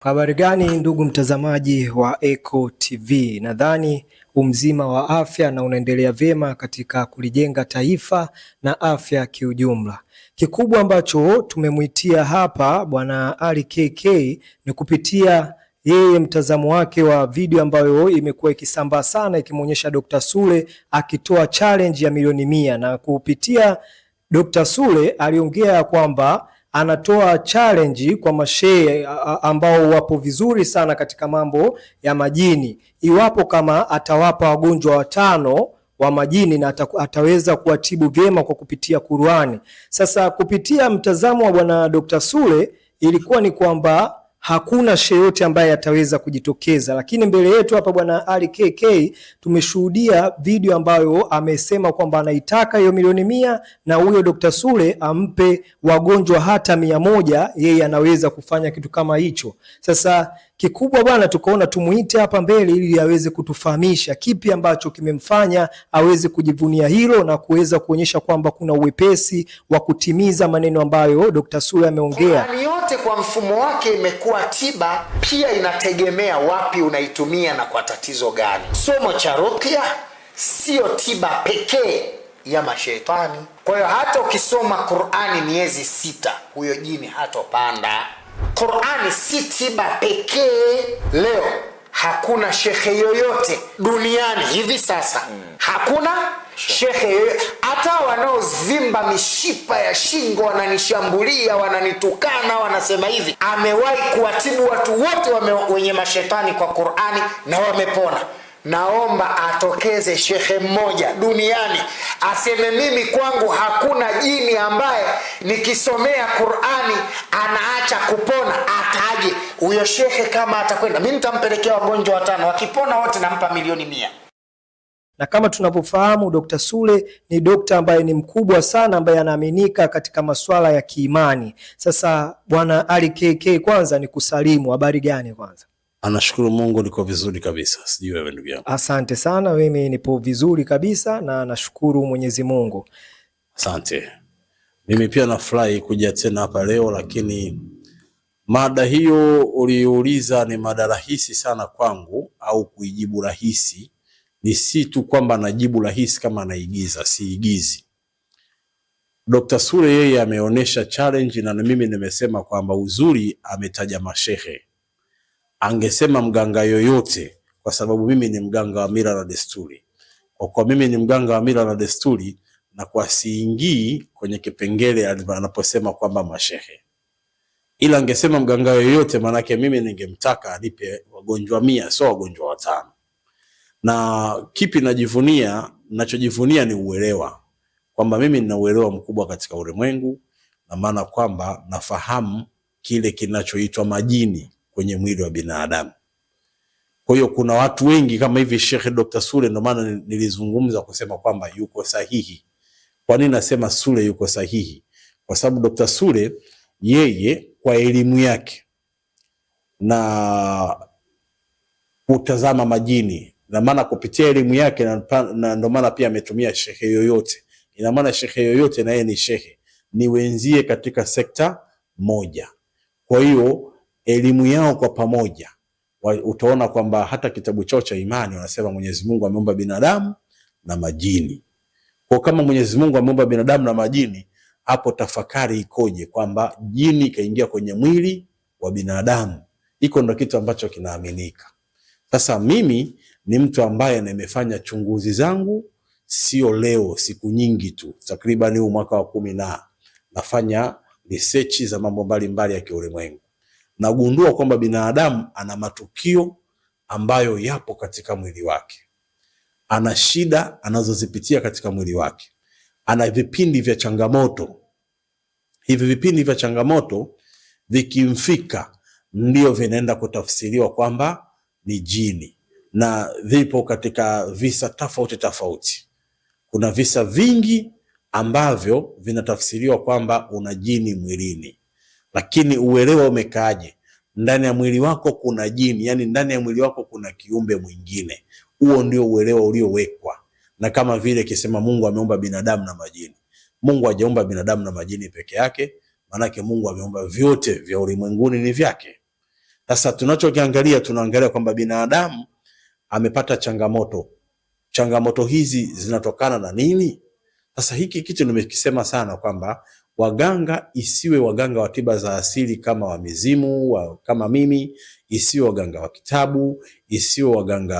Habari gani ndugu mtazamaji wa Eko TV, nadhani umzima wa afya na unaendelea vyema katika kulijenga taifa na afya kiujumla. Kikubwa ambacho tumemwitia hapa Bwana Ali KK ni kupitia yeye mtazamo wake wa video ambayo imekuwa ikisambaa sana ikimwonyesha Dr. Sule akitoa challenge ya milioni mia, na kupitia Dr. Sule aliongea kwamba anatoa challenge kwa mashehe ambao wapo vizuri sana katika mambo ya majini, iwapo kama atawapa wagonjwa watano wa majini na ataweza kuwatibu vyema kwa kupitia Qur'ani. Sasa kupitia mtazamo wa bwana Dr. Sule ilikuwa ni kwamba hakuna sheyote ambaye ataweza kujitokeza. Lakini mbele yetu hapa bwana Ali KK tumeshuhudia video ambayo amesema kwamba anaitaka hiyo milioni mia na huyo Dr. Sule ampe wagonjwa hata mia moja, yeye anaweza kufanya kitu kama hicho sasa Kikubwa bwana, tukaona tumuite hapa mbele ili aweze kutufahamisha kipi ambacho kimemfanya aweze kujivunia hilo na kuweza kuonyesha kwamba kuna uwepesi wa kutimiza maneno ambayo Dr. Sule ameongea. Hali yote kwa mfumo wake imekuwa tiba, pia inategemea wapi unaitumia na kwa tatizo gani. Somo cha rukya siyo tiba pekee ya mashetani. Kwa hiyo hata ukisoma Qurani miezi sita, huyo jini hatopanda. Qurani si tiba pekee. Leo hakuna shekhe yoyote duniani hivi sasa mm. hakuna shekhe yoyote, hata wanaozimba mishipa ya shingo wananishambulia, wananitukana, wanasema hivi, amewahi kuwatibu watu wote wame, wenye mashetani kwa Qurani na wamepona naomba atokeze shehe mmoja duniani aseme, mimi kwangu hakuna jini ambaye nikisomea Qur'ani anaacha kupona. Ataje huyo shehe? Kama atakwenda, mimi nitampelekea wagonjwa watano, wakipona wote nampa milioni mia. Na kama tunavyofahamu, dokta Sule ni dokta ambaye ni mkubwa sana, ambaye anaaminika katika masuala ya kiimani. Sasa Bwana Ali KK, kwanza ni kusalimu, habari gani kwanza? Anashukuru Mungu, niko vizuri kabisa. Sijui wewe ndugu yangu. Asante sana, mimi nipo vizuri kabisa na nashukuru Mwenyezi Mungu. Asante. Mimi pia nafurahi kuja tena hapa leo, lakini mada hiyo uliouliza ni mada rahisi sana kwangu, au kuijibu rahisi ni si tu kwamba najibu rahisi kama naigiza, siigizi. Dr. Sule yeye ameonyesha challenge na mimi nimesema kwamba uzuri ametaja mashehe angesema mganga yoyote, kwa sababu mimi ni mganga wa mila na desturi. Kwa kuwa mimi ni mganga wa mila na desturi, na kwa siingii kwenye kipengele anaposema kwamba mashehe, ila angesema mganga yoyote, maanake mimi ningemtaka alipe wagonjwa mia, sio wagonjwa watano. Na kipi najivunia? Nachojivunia ni uelewa, kwamba mimi nina uelewa mkubwa katika ulimwengu, na maana kwamba nafahamu kile kinachoitwa majini kwenye mwili wa binadamu. Kwa hiyo kuna watu wengi kama hivi Sheikh Dr. Sule, ndio maana nilizungumza kusema kwamba yuko sahihi. Kwa nini nasema Sule yuko sahihi? Kwa sababu Dr. Sule yeye kwa elimu yake na kutazama majini, na maana kupitia elimu yake na, na ndio maana pia ametumia shehe yoyote. Ina maana shehe yoyote na yeye ni shehe, ni wenzie katika sekta moja. Kwa hiyo elimu yao kwa pamoja, utaona kwamba hata kitabu chao cha imani wanasema Mwenyezi Mungu ameumba binadamu na majini. Kwa kama Mwenyezi Mungu ameumba binadamu na majini, hapo tafakari ikoje kwamba jini ikaingia kwenye mwili wa binadamu? Iko ndo kitu ambacho kinaaminika. Sasa mimi ni mtu ambaye nimefanya chunguzi zangu, sio leo, siku nyingi tu, takriban huu mwaka wa kumi na nafanya research za mambo mbalimbali ya kiulimwengu nagundua kwamba binadamu ana matukio ambayo yapo katika mwili wake, ana shida anazozipitia katika mwili wake, ana vipindi vya changamoto. Hivi vipindi vya changamoto vikimfika, ndio vinaenda kutafsiriwa kwamba ni jini, na vipo katika visa tofauti tofauti. Kuna visa vingi ambavyo vinatafsiriwa kwamba una jini mwilini lakini uelewa umekaaje? Ndani ya mwili wako kuna jini, yani ndani ya mwili wako kuna kiumbe mwingine. Huo ndio uelewa uliowekwa, na kama vile kisema Mungu ameumba binadamu na majini. Mungu hajaumba binadamu na majini peke yake, maanake Mungu ameumba vyote vya ulimwenguni ni vyake. Sasa tunachokiangalia, tunaangalia kwamba binadamu amepata changamoto. Changamoto hizi zinatokana na nini? Sasa hiki kitu nimekisema sana kwamba Waganga isiwe waganga wa tiba za asili kama wa mizimu wa, kama mimi, isiwe waganga wa kitabu, isiwe waganga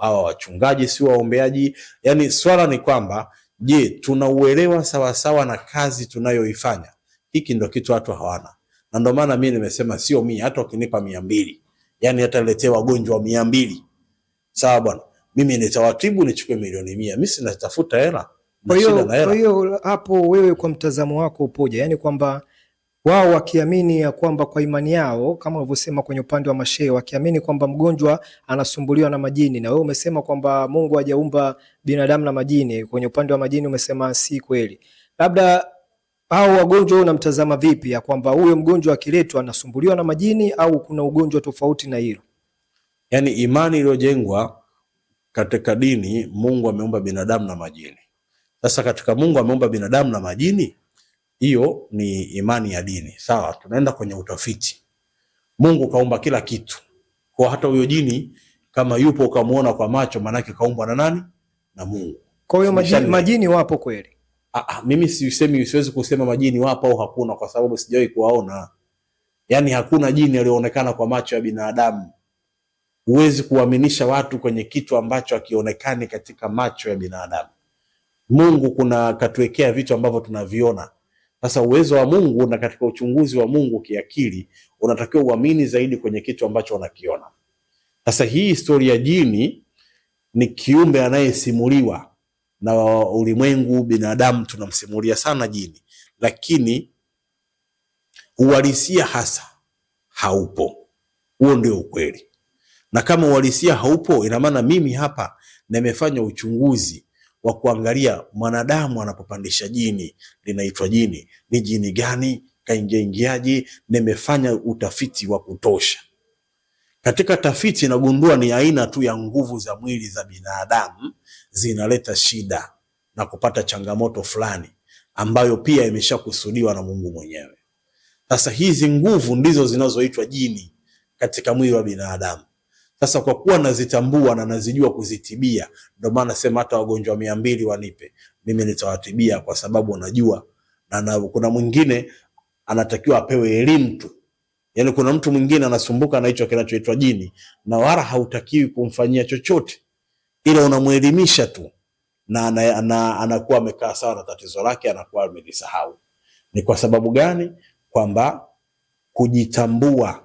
hawa wachungaji, sio waombeaji. Yani swala ni kwamba je, tunauelewa sawasawa na kazi tunayoifanya? Hiki ndo kitu watu hawana, na ndio maana mimi nimesema sio mimi, hata ukinipa mia mbili yani niletee wagonjwa mia mbili sawa bwana, mimi nitawatibu nichukue milioni mia. Mimi sinatafuta hela. Kwa hiyo hapo wewe kwa mtazamo wako upoja yani kwamba wao wakiamini ya kwamba kwa imani yao kama ulivyosema kwenye upande wa mashehe, wakiamini kwamba mgonjwa anasumbuliwa na majini, na wewe umesema kwamba Mungu hajaumba binadamu na majini, kwenye upande wa majini umesema si kweli, labda au wagonjwa unamtazama vipi, ya kwamba huyo mgonjwa akiletwa anasumbuliwa na majini au kuna ugonjwa tofauti na hilo? Yani imani iliyojengwa katika dini, Mungu ameumba binadamu na majini sasa katika Mungu ameumba binadamu na majini, hiyo ni imani ya dini. Sawa, tunaenda kwenye utafiti. Mungu kaumba kila kitu, kwa hata huyo jini kama yupo ukamuona kwa macho, maanake kaumbwa na nani? Na Mungu. Kwa hiyo majini, majini wapo kweli? Ah, mimi sisemi, siwezi kusema majini wapo au hakuna, kwa sababu sijawahi kuwaona. Yaani hakuna jini aliyoonekana kwa macho ya binadamu. Huwezi kuaminisha watu kwenye kitu ambacho hakionekani katika macho ya binadamu. Mungu kuna katuwekea vitu ambavyo tunaviona. Sasa uwezo wa Mungu na katika uchunguzi wa Mungu kiakili, unatakiwa uamini zaidi kwenye kitu ambacho unakiona. Sasa hii historia ya jini ni kiumbe anayesimuliwa na ulimwengu. Binadamu tunamsimulia sana jini, lakini uhalisia hasa haupo. Huo ndio ukweli, na kama uhalisia haupo, ina maana mimi hapa nimefanya uchunguzi wa kuangalia mwanadamu anapopandisha jini linaitwa jini, ni jini gani kaingia ingiaji? Nimefanya utafiti wa kutosha. Katika tafiti inagundua ni aina tu ya nguvu za mwili za binadamu zinaleta shida na kupata changamoto fulani ambayo pia imeshakusudiwa na Mungu mwenyewe. Sasa hizi nguvu ndizo zinazoitwa jini katika mwili wa binadamu. Sasa kwa kuwa nazitambua na nazijua kuzitibia, ndio maana nasema hata wagonjwa mia mbili wanipe mimi, nitawatibia kwa sababu najua na, na kuna mwingine anatakiwa apewe elimu tu. Yani kuna mtu mwingine anasumbuka na hicho kinachoitwa jini na wala hautakiwi kumfanyia chochote, ila unamwelimisha tu na anakuwa ana, ana amekaa sawa na tatizo lake, anakuwa amelisahau. Ni kwa sababu gani? Kwamba kujitambua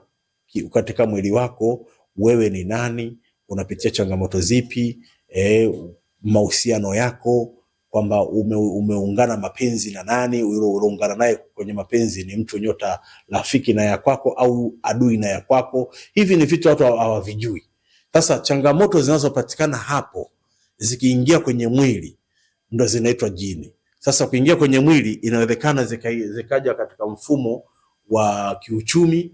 katika mwili wako wewe ni nani, unapitia changamoto zipi, e, mahusiano yako kwamba ume, umeungana mapenzi na nani, ulioungana naye kwenye mapenzi ni mtu nyota rafiki na ya kwako au adui na ya kwako. Hivi ni vitu watu hawavijui. Sasa changamoto zinazopatikana hapo zikiingia kwenye mwili ndo zinaitwa jini. Sasa kuingia kwenye mwili inawezekana zikaja katika mfumo wa kiuchumi,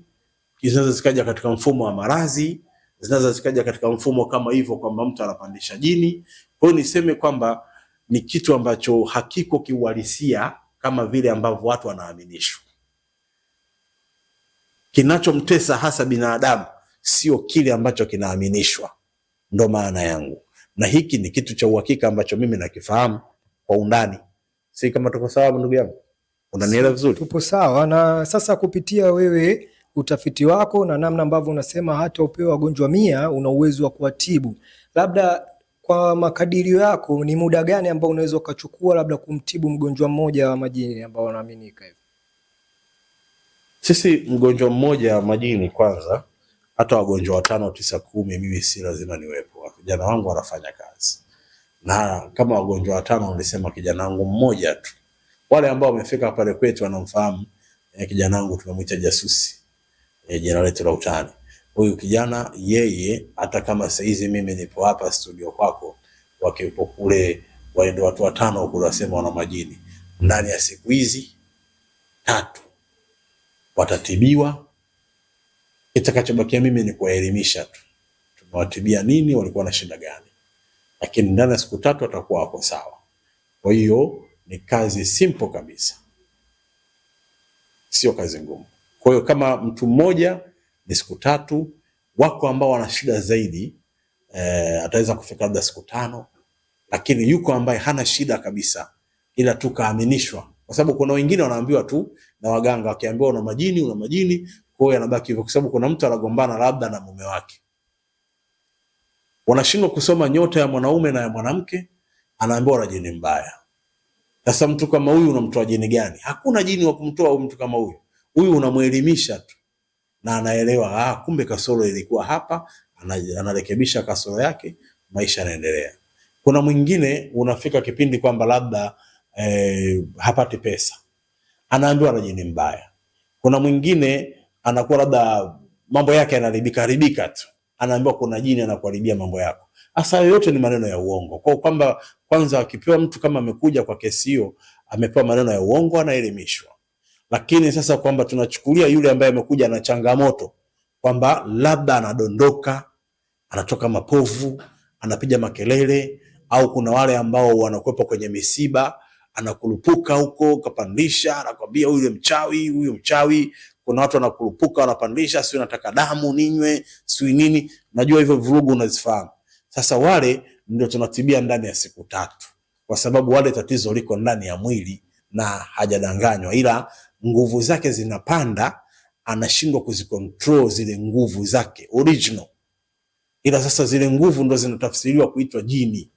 zinaweza zikaja katika mfumo wa maradhi zinaweza zikaja katika mfumo kama hivyo kwamba mtu anapandisha jini. Kwa hiyo niseme kwamba ni kitu ambacho hakiko kiuhalisia kama vile ambavyo watu wanaaminishwa. Kinachomtesa hasa binadamu sio kile ambacho kinaaminishwa, ndo maana yangu, na hiki ni kitu cha uhakika ambacho mimi nakifahamu kwa undani. Si kama tuko sawa, ndugu yangu? Unanielewa vizuri? Tupo sawa. Na sasa kupitia wewe utafiti wako na namna ambavyo unasema hata upewe wagonjwa mia una uwezo wa kuwatibu. Labda kwa makadirio yako ni muda gani ambao unaweza ukachukua labda kumtibu mgonjwa mmoja wa majini ambao wanaaminika hivi? Sisi mgonjwa mmoja wa majini kwanza, hata wagonjwa watano tisa kumi, mimi si lazima niwepo, vijana wangu wanafanya kazi na kama wagonjwa watano walisema kijana wangu mmoja tu, wale ambao wamefika pale kwetu wanamfahamu eh, kijana wangu, tumemwita jasusi e, eh, generator la utani. Huyu kijana yeye, hata kama saizi mimi nipo hapa studio kwako, wakiwepo kule waende watu watano kule, wasema wana majini, ndani ya siku hizi tatu watatibiwa. Kitakachobakia mimi ni kuwaelimisha tu, tumewatibia nini, walikuwa na shida gani, lakini ndani ya siku tatu watakuwa wako sawa. Kwa hiyo ni kazi simple kabisa, sio kazi ngumu. Kwa hiyo kama mtu mmoja ni siku tatu, wako ambao wana shida zaidi e, ataweza kufika labda siku tano, lakini yuko ambaye hana shida kabisa, ila tu kaaminishwa, kwa sababu kuna wengine wanaambiwa tu na waganga, wakiambiwa una majini, una majini, kwa hiyo anabaki hivyo, kwa sababu kuna mtu anagombana labda na mume wake, wanashindwa kusoma nyota ya mwanaume na ya mwanamke, anaambiwa una jini mbaya. Sasa mtu kama huyu unamtoa jini gani? Hakuna jini wa kumtoa mtu kama huyu. Huyu unamwelimisha tu na anaelewa, ah, kumbe kasoro ilikuwa hapa, anarekebisha kasoro yake, maisha yanaendelea. Kuna mwingine unafika kipindi kwamba labda eh, hapati pesa, anaambiwa na jini mbaya. Kuna mwingine anakuwa labda mambo yake yanaribika ribika tu, anaambiwa kuna jini anakuharibia mambo yako. Hasa yote ni maneno ya uongo, kwa kwamba kwanza akipewa mtu kama amekuja kwa kesi hiyo, amepewa maneno ya uongo, anaelimishwa lakini sasa kwamba tunachukulia yule ambaye amekuja na changamoto kwamba labda anadondoka, anatoka mapovu, anapiga makelele, au kuna wale ambao wanakwepa kwenye misiba, anakurupuka huko, kapandisha, anakwambia huyu mchawi, huyu mchawi. Kuna watu wanakurupuka, wanapandisha, si nataka damu ninywe, si nini. Najua hivyo vurugu unazifahamu. Sasa wale ndio tunatibia ndani ya siku tatu, kwa sababu wale tatizo liko ndani ya mwili na hajadanganywa, ila nguvu zake zinapanda, anashindwa kuzikontrol zile nguvu zake original. Ila sasa zile nguvu ndo zinatafsiriwa kuitwa jini,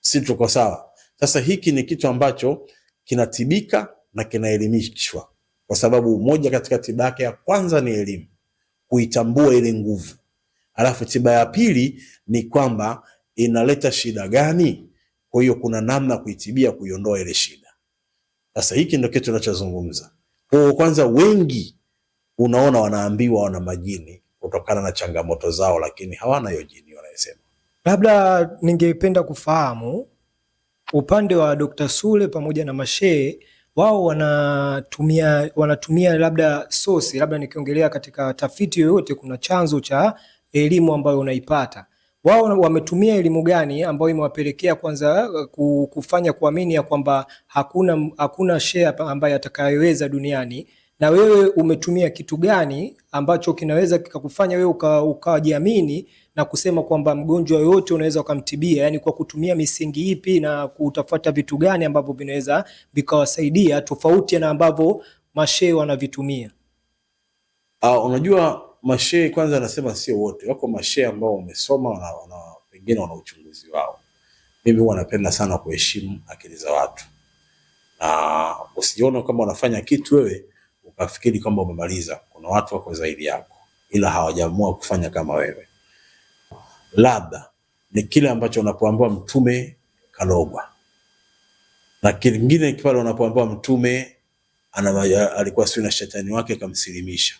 si tuko sawa? Sasa hiki ni kitu ambacho kinatibika na kinaelimishwa, kwa sababu moja katika tiba yake ya kwanza ni elimu, kuitambua ile nguvu. Alafu tiba ya pili ni kwamba inaleta shida gani, kwa hiyo kuna namna kuitibia, kuiondoa ile shida. Sasa hiki ndio kitu tunachozungumza. Kwa kwanza, wengi unaona wanaambiwa wana majini kutokana na changamoto zao, lakini hawana hiyo jini wanayosema. Labda ningependa kufahamu upande wa Dr. Sule pamoja na Mashehe wao wanatumia wanatumia labda sosi, labda nikiongelea katika tafiti yoyote, kuna chanzo cha elimu ambayo unaipata wao wametumia elimu gani ambayo imewapelekea kwanza uh, kufanya kuamini ya kwamba hakuna, hakuna share ambaye atakayeweza duniani na wewe umetumia kitu gani ambacho kinaweza kikakufanya wewe ukajiamini uka na kusema kwamba mgonjwa yoyote unaweza ukamtibia, yani kwa kutumia misingi ipi na kutafuta vitu gani ambavyo vinaweza vikawasaidia tofauti na ambavyo mashehe wanavitumia. Uh, unajua mashehe kwanza, anasema sio wote, wako mashehe ambao wamesoma na wengine wana uchunguzi wao. Mimi huwa napenda sana kuheshimu akili za watu, na usijione kama unafanya kitu wewe ukafikiri kwamba umemaliza. Kuna watu wako zaidi yako, ila hawajaamua kufanya kama wewe. Labda ni kile ambacho unapoambiwa mtume kalogwa, na kingine pale unapoambiwa mtume alikuwa sio na shetani wake kamsilimisha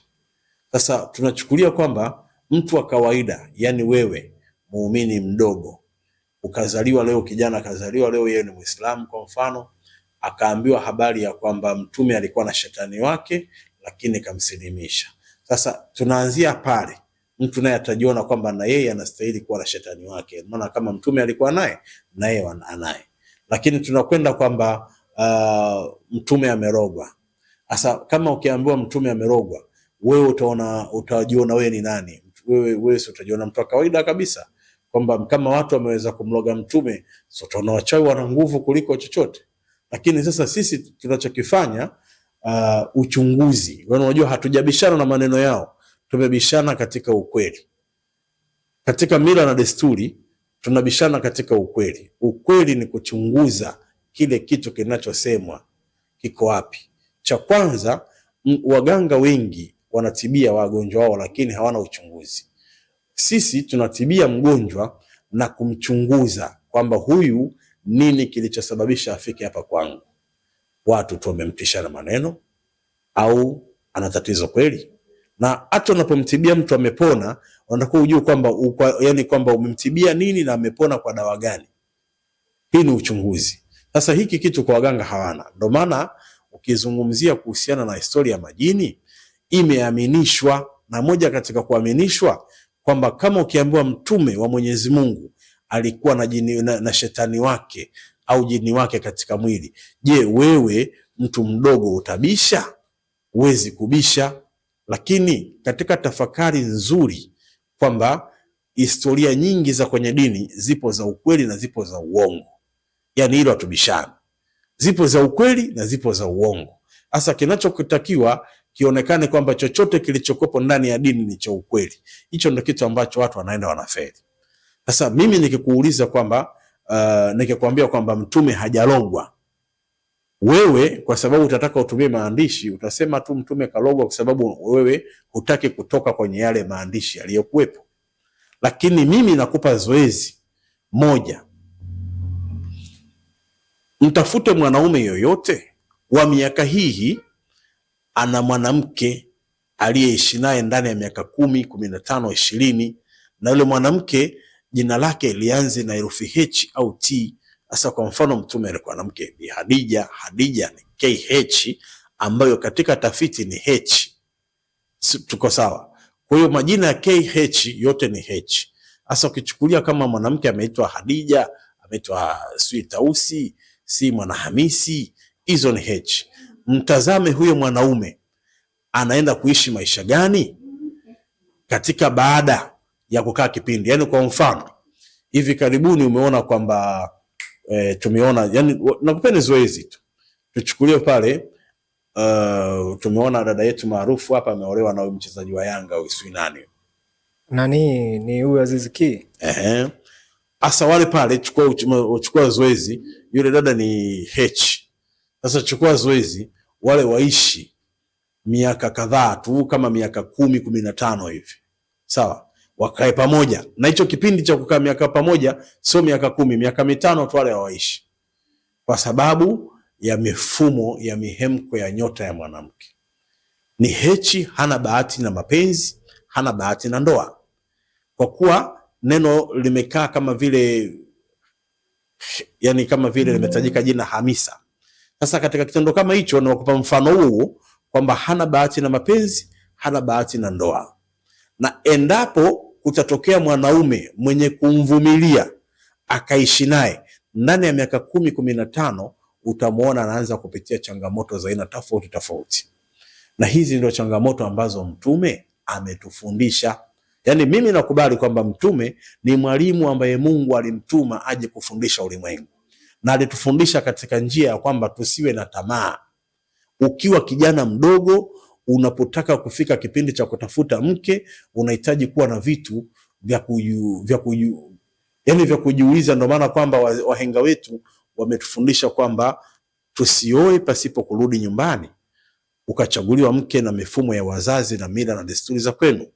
sasa tunachukulia kwamba mtu wa kawaida, yani wewe muumini mdogo, ukazaliwa leo, kijana akazaliwa leo, yeye ni Muislamu kwa mfano, akaambiwa habari ya kwamba mtume alikuwa na shetani wake, lakini kamsilimisha. Sasa tunaanzia pale, mtu naye atajiona kwamba na yeye anastahili kuwa na shetani wake, maana kama mtume alikuwa naye, na yeye anaye. Lakini tunakwenda kwamba uh, mtume amerogwa. Sasa kama ukiambiwa mtume amerogwa wewe utaona, utajiona wewe ni nani? Wewe wewe si utajiona mtu wa kawaida kabisa, kwamba kama watu wameweza kumloga Mtume, sio? utaona wachawi wana nguvu kuliko chochote. Lakini sasa sisi tunachokifanya uh, uchunguzi. Wewe unajua, hatujabishana na maneno yao, tumebishana katika ukweli, katika mila na desturi tunabishana katika ukweli. Ukweli ni kuchunguza kile kitu kinachosemwa kiko wapi. Cha kwanza, waganga wengi wanatibia wagonjwa wao, lakini hawana uchunguzi. Sisi tunatibia mgonjwa na kumchunguza kwamba huyu nini kilichosababisha afike hapa kwangu. Watu tu wamemtishana maneno au ana tatizo kweli? Na hata unapomtibia mtu amepona, unataka ujue kwamba yani kwamba umemtibia nini na amepona kwa dawa gani. Hii ni uchunguzi. Sasa hiki kitu kwa waganga hawana. Ndio maana ukizungumzia kuhusiana na historia ya majini imeaminishwa, na moja katika kuaminishwa kwamba kama ukiambiwa mtume wa Mwenyezi Mungu alikuwa na, jini, na, na shetani wake au jini wake katika mwili, je, wewe mtu mdogo utabisha? Huwezi kubisha. Lakini katika tafakari nzuri kwamba historia nyingi za kwenye dini zipo za ukweli na zipo za uongo, yani hilo hatubishani, zipo za ukweli na zipo za uongo. Sasa kinachotakiwa kionekane kwamba chochote kilichokopo ndani ya dini ni cha ukweli. Hicho ndio kitu ambacho watu wanaenda wanafeli. Sasa mimi nikikuuliza kwamba uh, nikikwambia kwamba mtume hajalogwa, wewe kwa sababu utataka utumie maandishi utasema tu mtume kalogwa, kwa sababu wewe hutaki kutoka kwenye yale maandishi yaliyokuwepo. Lakini mimi nakupa zoezi moja, mtafute mwanaume yoyote wa miaka hii ana mwanamke aliyeishi naye ndani ya miaka kumi, kumi na tano, ishirini, na yule mwanamke jina lake lianze na herufi H au T. Sasa kwa mfano mtume alikuwa na mke Bi Hadija, Hadija ni KH ambayo katika tafiti ni H. Tuko sawa? Kwa hiyo majina ya KH yote ni H. Sasa ukichukulia kama mwanamke ameitwa Hadija, ameitwa si Tausi, si Mwanahamisi, hizo ni H mtazame huyo mwanaume anaenda kuishi maisha gani katika baada ya kukaa kipindi. Yani kwa mfano hivi karibuni umeona kwamba e, tumeona yani, nakupeni zoezi tu tuchukulie pale uh, tumeona dada yetu maarufu hapa ameolewa na mchezaji wa Yanga huyu nani nani ni huyu Azizi Ki. Ehe. Asa wale pale chukua, uchukua zoezi yule dada ni H. Sasa chukua zoezi wale waishi miaka kadhaa tu kama miaka kumi kumi na tano hivi sawa, wakae pamoja. Na hicho kipindi cha kukaa miaka pamoja sio miaka kumi, miaka mitano tu wale waishi, kwa sababu ya mifumo ya mihemko ya nyota ya mwanamke. Ni Hechi hana bahati na mapenzi, hana bahati na ndoa, kwa kuwa neno limekaa kama vile, yani kama vile limetajika jina Hamisa sasa katika kitendo kama hicho, nakupa mfano huu kwamba hana bahati na mapenzi, hana bahati na ndoa, na endapo kutatokea mwanaume mwenye kumvumilia akaishi naye ndani ya miaka kumi kumi na tano utamwona anaanza kupitia changamoto za aina tofauti tofauti, na hizi ndio changamoto ambazo Mtume ametufundisha. Yaani, mimi nakubali kwamba Mtume ni mwalimu ambaye Mungu alimtuma aje kufundisha ulimwengu na alitufundisha katika njia ya kwamba tusiwe na tamaa. Ukiwa kijana mdogo, unapotaka kufika kipindi cha kutafuta mke, unahitaji kuwa na vitu vya kuju, vya kuju, yani vya kujiuliza. Ndio maana kwamba wahenga wetu wametufundisha kwamba tusioe pasipo kurudi nyumbani ukachaguliwa mke na mifumo ya wazazi na mila na desturi za kwenu.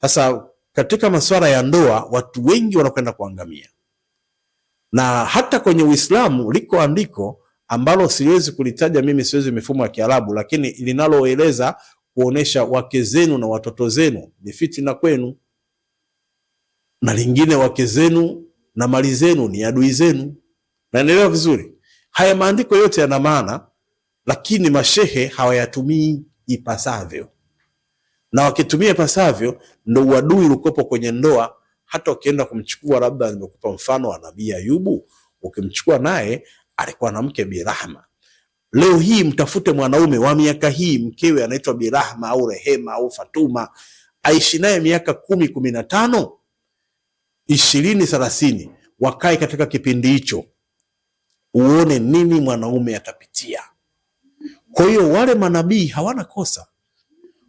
Sasa katika masuala ya ndoa, watu wengi wanakwenda kuangamia na hata kwenye Uislamu liko andiko ambalo siwezi kulitaja mimi, siwezi mifumo ya Kiarabu, lakini linaloeleza kuonesha wake zenu na watoto zenu ni fitina kwenu, na lingine wake zenu na mali zenu ni adui zenu. Naendelea vizuri. Haya maandiko yote yana maana, lakini mashehe hawayatumii ipasavyo, na wakitumia ipasavyo ndo uadui ulikopo kwenye ndoa hata ukienda kumchukua, labda nimekupa mfano wa Nabii Ayubu, ukimchukua naye alikuwa na mke Birahma. Leo hii mtafute mwanaume wa miaka hii, mkewe anaitwa birahma au Rehema au Fatuma, aishi naye miaka kumi, kumi na tano, ishirini, thelathini, wakae katika kipindi hicho, uone nini mwanaume atapitia. Kwa hiyo wale manabii hawana kosa,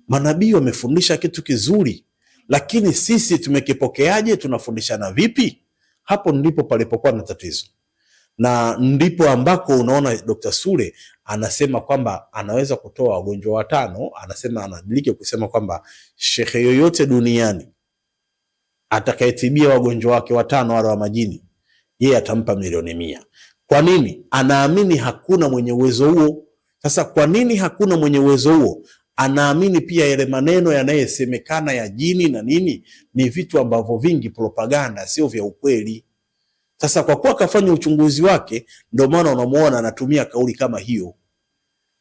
manabii wamefundisha kitu kizuri lakini sisi tumekipokeaje? Tunafundishana vipi? Hapo ndipo palipokuwa na tatizo, na ndipo ambako unaona Dr. Sule anasema kwamba anaweza kutoa wagonjwa watano. Anasema anadilike kusema kwamba shehe yoyote duniani atakayetibia wagonjwa wake watano wale wa majini, yeye atampa milioni mia. Kwa nini? Anaamini hakuna mwenye uwezo huo. Sasa kwa nini hakuna mwenye uwezo huo? anaamini pia yale maneno yanayesemekana ya jini na nini, ni vitu ambavyo vingi propaganda, sio vya ukweli. Sasa kwa kuwa akafanya uchunguzi wake, ndio maana unamuona anatumia kauli kama hiyo.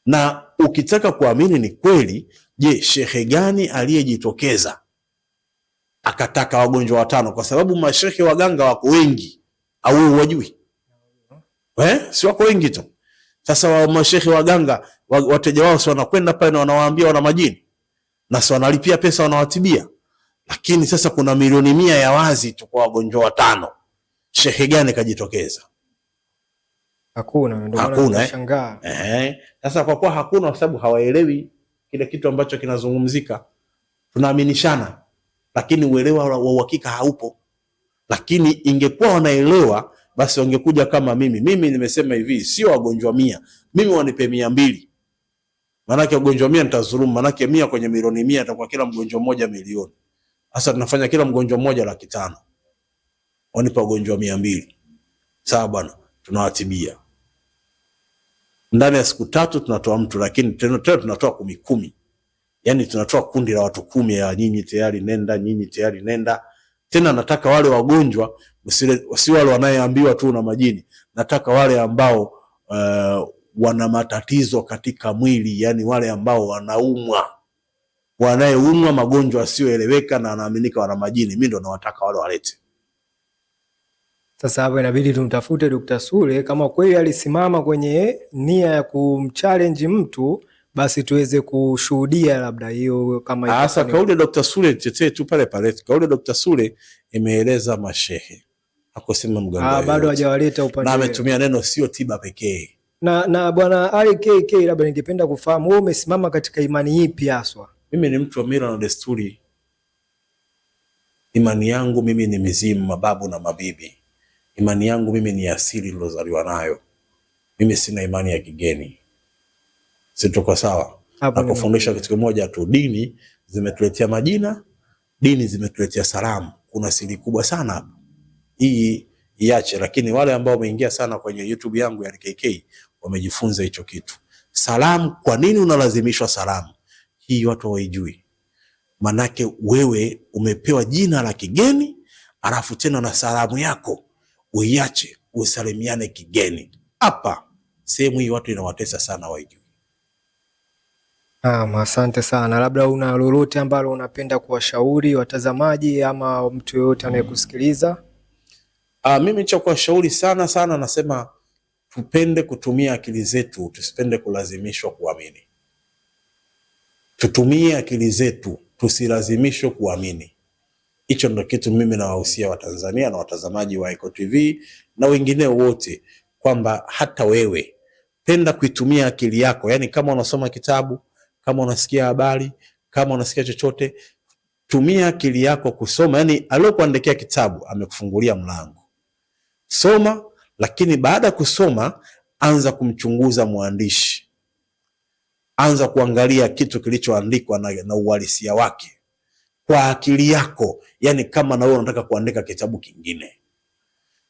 Na ukitaka kuamini ni kweli, je, shehe gani aliyejitokeza akataka wagonjwa watano? Kwa sababu mashehe waganga wako wengi, au wajui eh? si wako wengi tu sasa wa mashehe waganga wateja wao si wanakwenda pale na wanawaambia wana majini na si wanalipia pesa wanawatibia, lakini sasa kuna milioni mia ya wazi tu kwa wagonjwa watano. Shehe gani kajitokeza? Hakuna, ndio maana eh? eh, sasa kwa kuwa hakuna, kwa sababu hawaelewi kile kitu ambacho kinazungumzika. Tunaaminishana, lakini uelewa wa uhakika haupo, lakini ingekuwa wanaelewa basi wangekuja kama mimi. Mimi nimesema hivi, sio wagonjwa mia, mimi wanipe mia mbili, manake wagonjwa mia nitazulumu, manake mia kwenye milioni mia atakuwa kila mgonjwa mmoja milioni. Sasa tunafanya kila mgonjwa mmoja laki tano, wanipa wagonjwa mia mbili. Sawa bwana, tunawatibia ndani ya siku tatu tunatoa mtu, lakini tena tena tunatoa kumi kumi, yani tunatoa kundi la watu kumi ya nyinyi tayari nenda, nyinyi tayari nenda. Tena nataka wale wagonjwa si wale wanayeambiwa tu na majini. Nataka wale ambao uh, wana matatizo katika mwili, yani wale ambao wanaumwa, wanayeumwa magonjwa asiyoeleweka na anaaminika wana majini, mimi ndo nawataka wale walete. Sasa hapo inabidi tumtafute Dr. Sule kama kweli alisimama kwenye nia ya kumchallenge mtu basi tuweze kushuhudia labda hiyo kama hasa kauli ya Dr. Sule, tetee tu pale pale. Kauli ya Dr. Sule imeeleza mashehe akosema mganga ah, bado hajawaleta upande, na ametumia neno sio tiba pekee. Na, na bwana RKK, labda ningependa kufahamu wewe umesimama katika imani ipi haswa? Mimi ni mtu wa mila na desturi. Imani yangu mimi ni mizimu, mababu na mabibi. Imani yangu mimi ni asili nilozaliwa nayo. Mimi sina imani ya kigeni. Situko sawa na kufundisha kitu kimoja tu. Dini zimetuletea majina, dini zimetuletea salamu. Kuna siri kubwa sana hii iache, lakini wale ambao wameingia sana kwenye YouTube yangu ya RKK wamejifunza hicho kitu. Salamu, kwa nini unalazimishwa salamu hii? Watu waijui manake wewe umepewa jina la kigeni, alafu tena na salamu yako uiache, usalimiane kigeni. Hapa sehemu hii watu inawatesa sana, waijui. Naam, asante sana. Labda una lolote ambalo unapenda kuwashauri watazamaji ama mtu yoyote anayekusikiliza? Uh, mimi cha kuwashauri sana sana nasema tupende kutumia akili zetu, tusipende kulazimishwa kuamini. Tutumie akili zetu, tusilazimishwe kuamini. Hicho ndo kitu mimi nawahusia Watanzania na watazamaji wa Eko TV na wengine wote, kwamba hata wewe penda kuitumia akili yako. yaani kama unasoma kitabu, kama unasikia habari, kama unasikia chochote, tumia akili yako kusoma. Yaani aliyokuandikia kitabu amekufungulia mlango Soma, lakini baada ya kusoma, anza kumchunguza mwandishi, anza kuangalia kitu kilichoandikwa na, na uhalisia wake kwa akili yako, yani kama na wewe unataka kuandika kitabu kingine.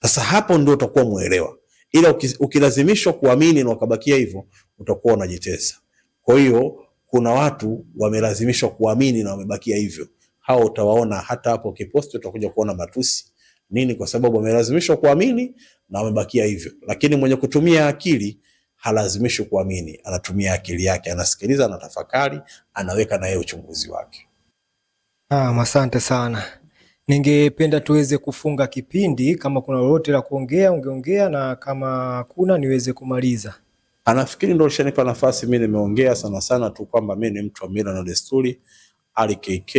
Sasa hapo ndio utakuwa mwelewa, ila ukilazimishwa kuamini na ukabakia hivyo, utakuwa unajitesa. Kwa hiyo kuna watu wamelazimishwa kuamini na wamebakia hivyo, hao utawaona hata hapo kiposti, utakuja kuona matusi nini? Kwa sababu wamelazimishwa kuamini na wamebakia hivyo. Lakini mwenye kutumia akili halazimishwi kuamini, anatumia akili yake, anasikiliza, anatafakari, anaweka na yeye uchunguzi wake. Ah, asante sana. Ningependa tuweze kufunga kipindi, kama kuna lolote la kuongea ungeongea, na kama kuna niweze kumaliza. Anafikiri ndio lishanipa nafasi. Mimi nimeongea sana sana tu kwamba mimi ni mtu wa mila na desturi, Ali KK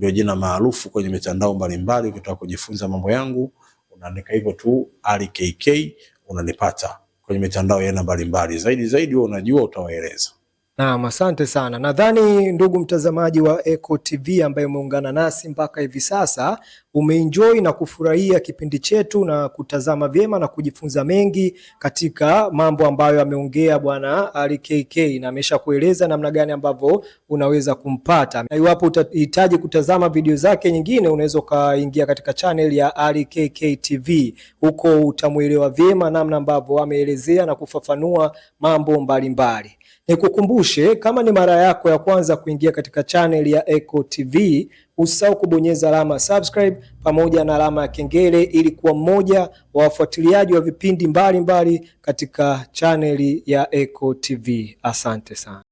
ndio jina maarufu kwenye mitandao mbalimbali. Ukitaka kujifunza mambo yangu, unaandika hivyo tu Ali KK, unanipata kwenye mitandao ya aina mbalimbali. Zaidi zaidi, wewe unajua, utawaeleza. Naam, asante sana. Nadhani ndugu mtazamaji wa Eko TV ambaye umeungana nasi mpaka hivi sasa umeenjoy na kufurahia kipindi chetu na kutazama vyema na kujifunza mengi katika mambo ambayo ameongea Bwana Ali KK na amesha kueleza namna gani ambavyo unaweza kumpata, na iwapo utahitaji kutazama video zake nyingine, unaweza ukaingia katika channel ya Ali KK TV. Huko utamwelewa vyema namna ambavyo ameelezea na kufafanua mambo mbalimbali mbali. Nikukumbushe, kama ni mara yako ya kwanza kuingia katika channel ya Eko TV, usisahau kubonyeza alama subscribe pamoja na alama ya kengele ili kuwa mmoja wa wafuatiliaji wa vipindi mbalimbali mbali katika chaneli ya Eko TV. Asante sana.